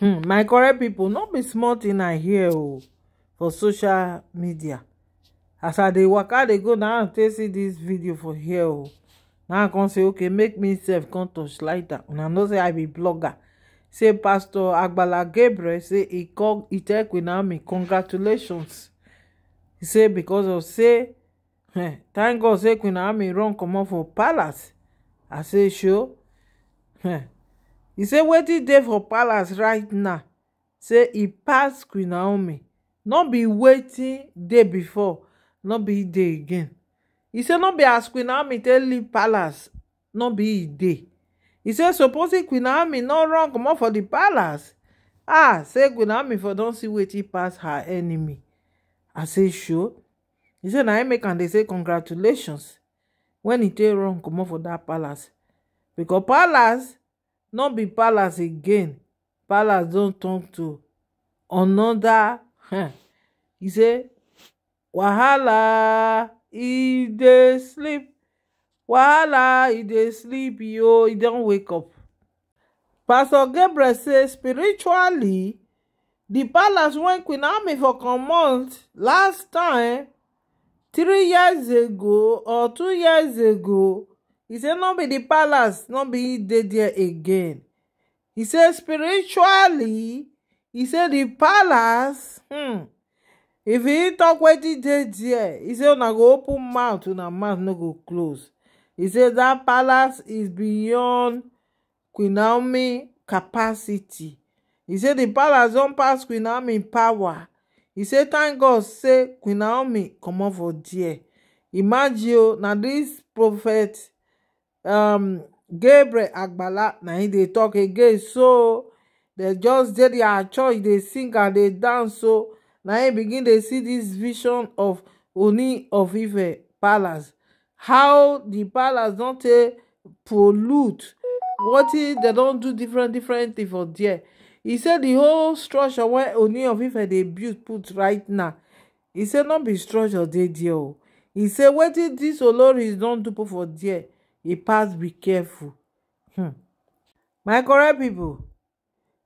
hmm my correct people, no be small tin i hear o oh, for social media as i dey waka dey go now i take see this video for here o oh. now i come say okay make me sef come touch light and i know say i be blogger say pastor agbala gabriel say he call he tell queen naomi congratulations He say because of say eh, thank god say queen naomi run comot for palace i say sure eh, e say wetin dey for palace right now say e pass queen naomi no be wetin dey before no be e dey again e say no be as queen naomi take leave palace no be e dey e say supposing queen naomi no run comot for di palace ah say queen naomi for don see wetin pass her enemy i say sure e say na im make am dey say congratulations when e take run comot for dat palace because palace no be palace again palace don turn to anoda um e say wahala e dey sleep wahala e dey sleep Yo, e don wake up pastor gabriel say spiritually di palace wey queen army for comot last time three years ago or two years ago He said, "Not be the palace not be e there again He said, spiritually he said the palace hmm if talk with the dey there e say una go open mouth una mouth no go close He said, "That palace is beyond queen naomi capacity He said, "The palace don't pass queen naomi power He said, thank god say queen naomi comot for there imagine o oh, na dis prophet um, gabriel agbala now he they talk again so they just dey dia church They sing and they dance so now he begin dey see this vision of oni of ife palace how the palace don't take pollute What wetin they don't do different different thing for there He said the whole structure where oni of ife they built put right now He said not be structure they there He said what did this oloris don't do for there e pass be careful hmm. my correct people,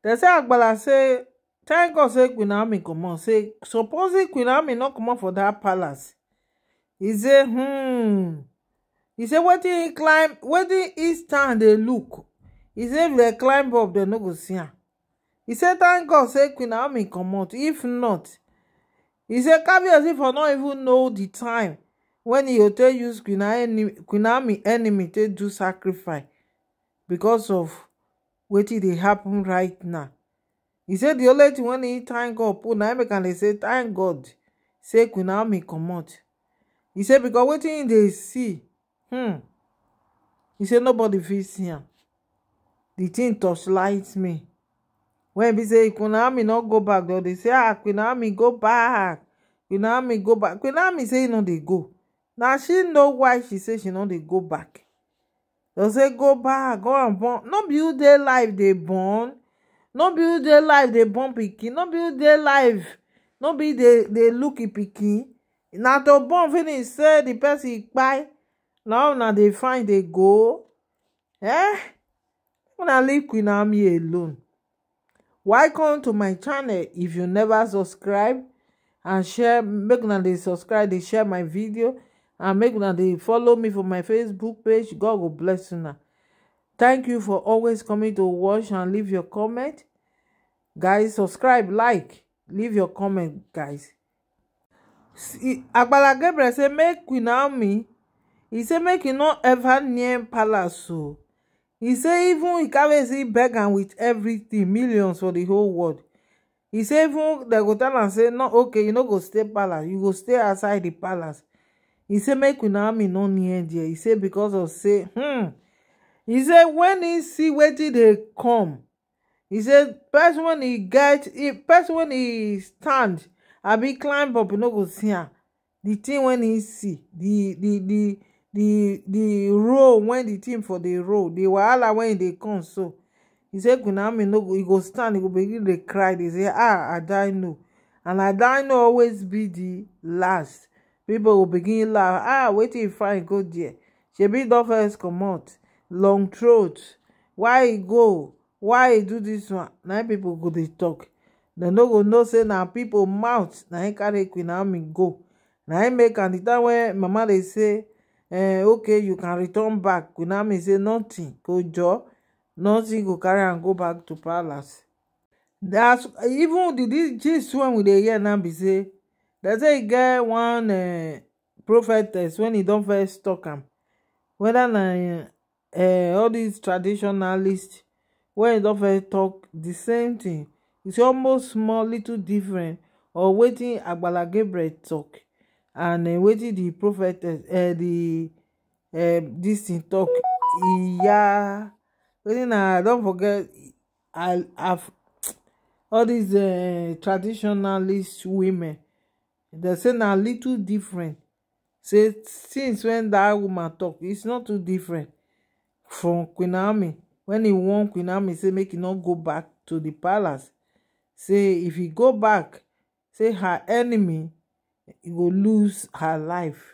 they say agbala say thank god say queen naomi comot say supposing queen naomi no comot for that palace He say hmm He say "What wetin he climb wetin he stand They look He say if dem climb up dem no go see am e say thank god say queen naomi comot if not he say if I no even know the time wen e go take use queen army enemy take do sacrifice becos of wetin dey happen right now e say di only tin wey e thank god put na make am dey say thank god say queen army comot e say becos wetin e dey see hmm e say nobody fit see am di tin torchlight me wen e be say queen army no go back dem dey say ah queen army go back queen army go back queen army say e no dey go na she know why she say she no dey go back dem say go back go and born no be who dey life dey born no be who dey life dey born pikin no be who dey life no be dey look e pikin na to born finish say the person kpai na una dey find dey go eh una leave queen ami alone welcome to my channel if you never subscribe and share make una dey subscribe dey share my video and make una dey follow me for my facebook page god go bless una thank you for always coming to watch and leave your comment guys subscribe like leave your comment guys agbala gabriel say make queen me. He say make you e no ever near palace o e say even ikabesi beg am with everything millions for the whole world He say even dem go tell am say no okay you no go stay palace you go stay outside the palace e say make queen army no near there e say becos of say hmm He say "When he see wetin dey come He say person when he get person when he stand abi climb up he no go see am di tin when he see the the the the the row when the tin for the row, di wahala when e dey come so he say queen army no go e go stand he go begin dey cry dey say ah I adano and I adano always be the last pipo go begin laugh ah wetin find go there shebi don first comot long throat why e go why e do dis one na pipo go dey tok dem no go know say na pipo mouth na im carry queen go na im make am di time wen mama dey say eh okay you can return back queen say nothing go jure nothing go carry am go back to palace even di gist wey we dey hear now be say There's a guy get one prophetess when he don't first talk him, whether na eh, eh, all these traditionalists when he don't first talk the same thing, it's almost small little different or wetin agbala gabriel talk, and eh, wetin di prophetess di dis tin tok iya wetin na i don forget all these traditionalist women They say na little different say since when that woman talk, it's not too different from queen ami When he warn queen ami say make e no go back to the palace say if he go back say her enemy he go lose her life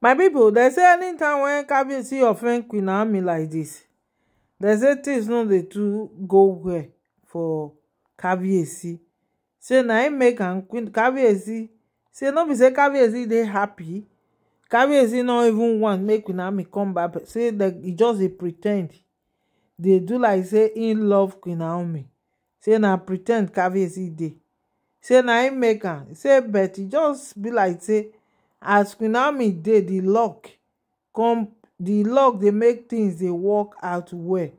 my people, they say anytime wen kabiyesi offend queen Ami like this, they say tins no dey too go well for kabiyesi say na im make am kaviezi say no be say kaviezi dey happy kaviezi no even want make kwinaami come back say e just dey pre ten d dey do like say e love kwinaami say na pre ten d dey say na im make am say but e just be like say as kwinaami dey di luck come di luck dey make things dey work out well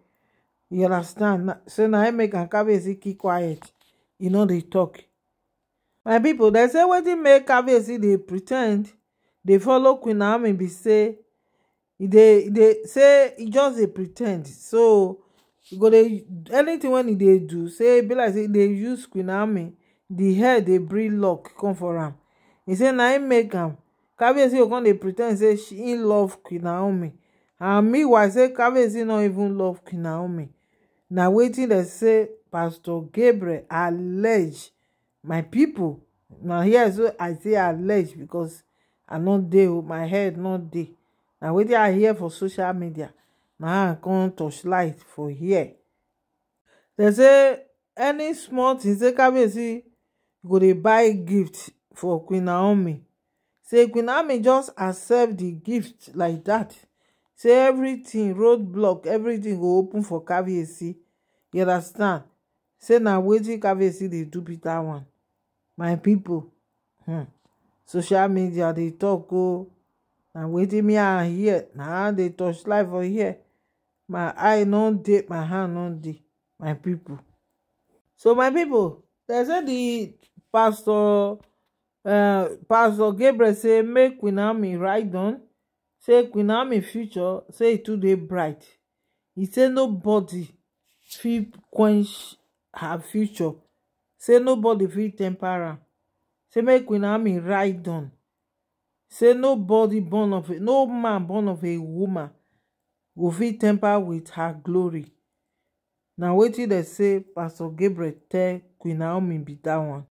you understand say na im make am kaviezi keep quiet. e no dey talk my pipo dem say wetin make kaveh dey pre ten d dey follow queen naomi be say e dey e dey say e just dey pre ten d so e go dey anything wey e dey do say e be like say e dey use queen naomi di hair dey bring luck e come for am e say na him make am kaveh go go dey pre ten d say he love queen naomi and meanwhile say still no even love queen naomi na wetin dem say. pastor gabriel allege my people. Now here so i say allege because i not dey o oh, my head no dey na wetin i here for social media na i come torchlight for here They say any small tin say kabiyesi go dey buy gift for queen naomi say queen naomi just accept the gift like that. say everything roadblock, everything go open for kabiyesi you understand say na wetin kaveh still dey do beta one my pipo hmm social media dey tok o oh, na wetin me and na hand dey touch life for here my hand no dey my pipo. "so my pipo say di pastor eh, pastor gabriel say make army write don say army future say e too dey bright e say nobodi fit quench her future say nobody fit temper am say make queen naomi write down say nobody born of a no man born of a woman go fit temper with her glory na wetin dem say pastor gabriel tell queen naomi be that one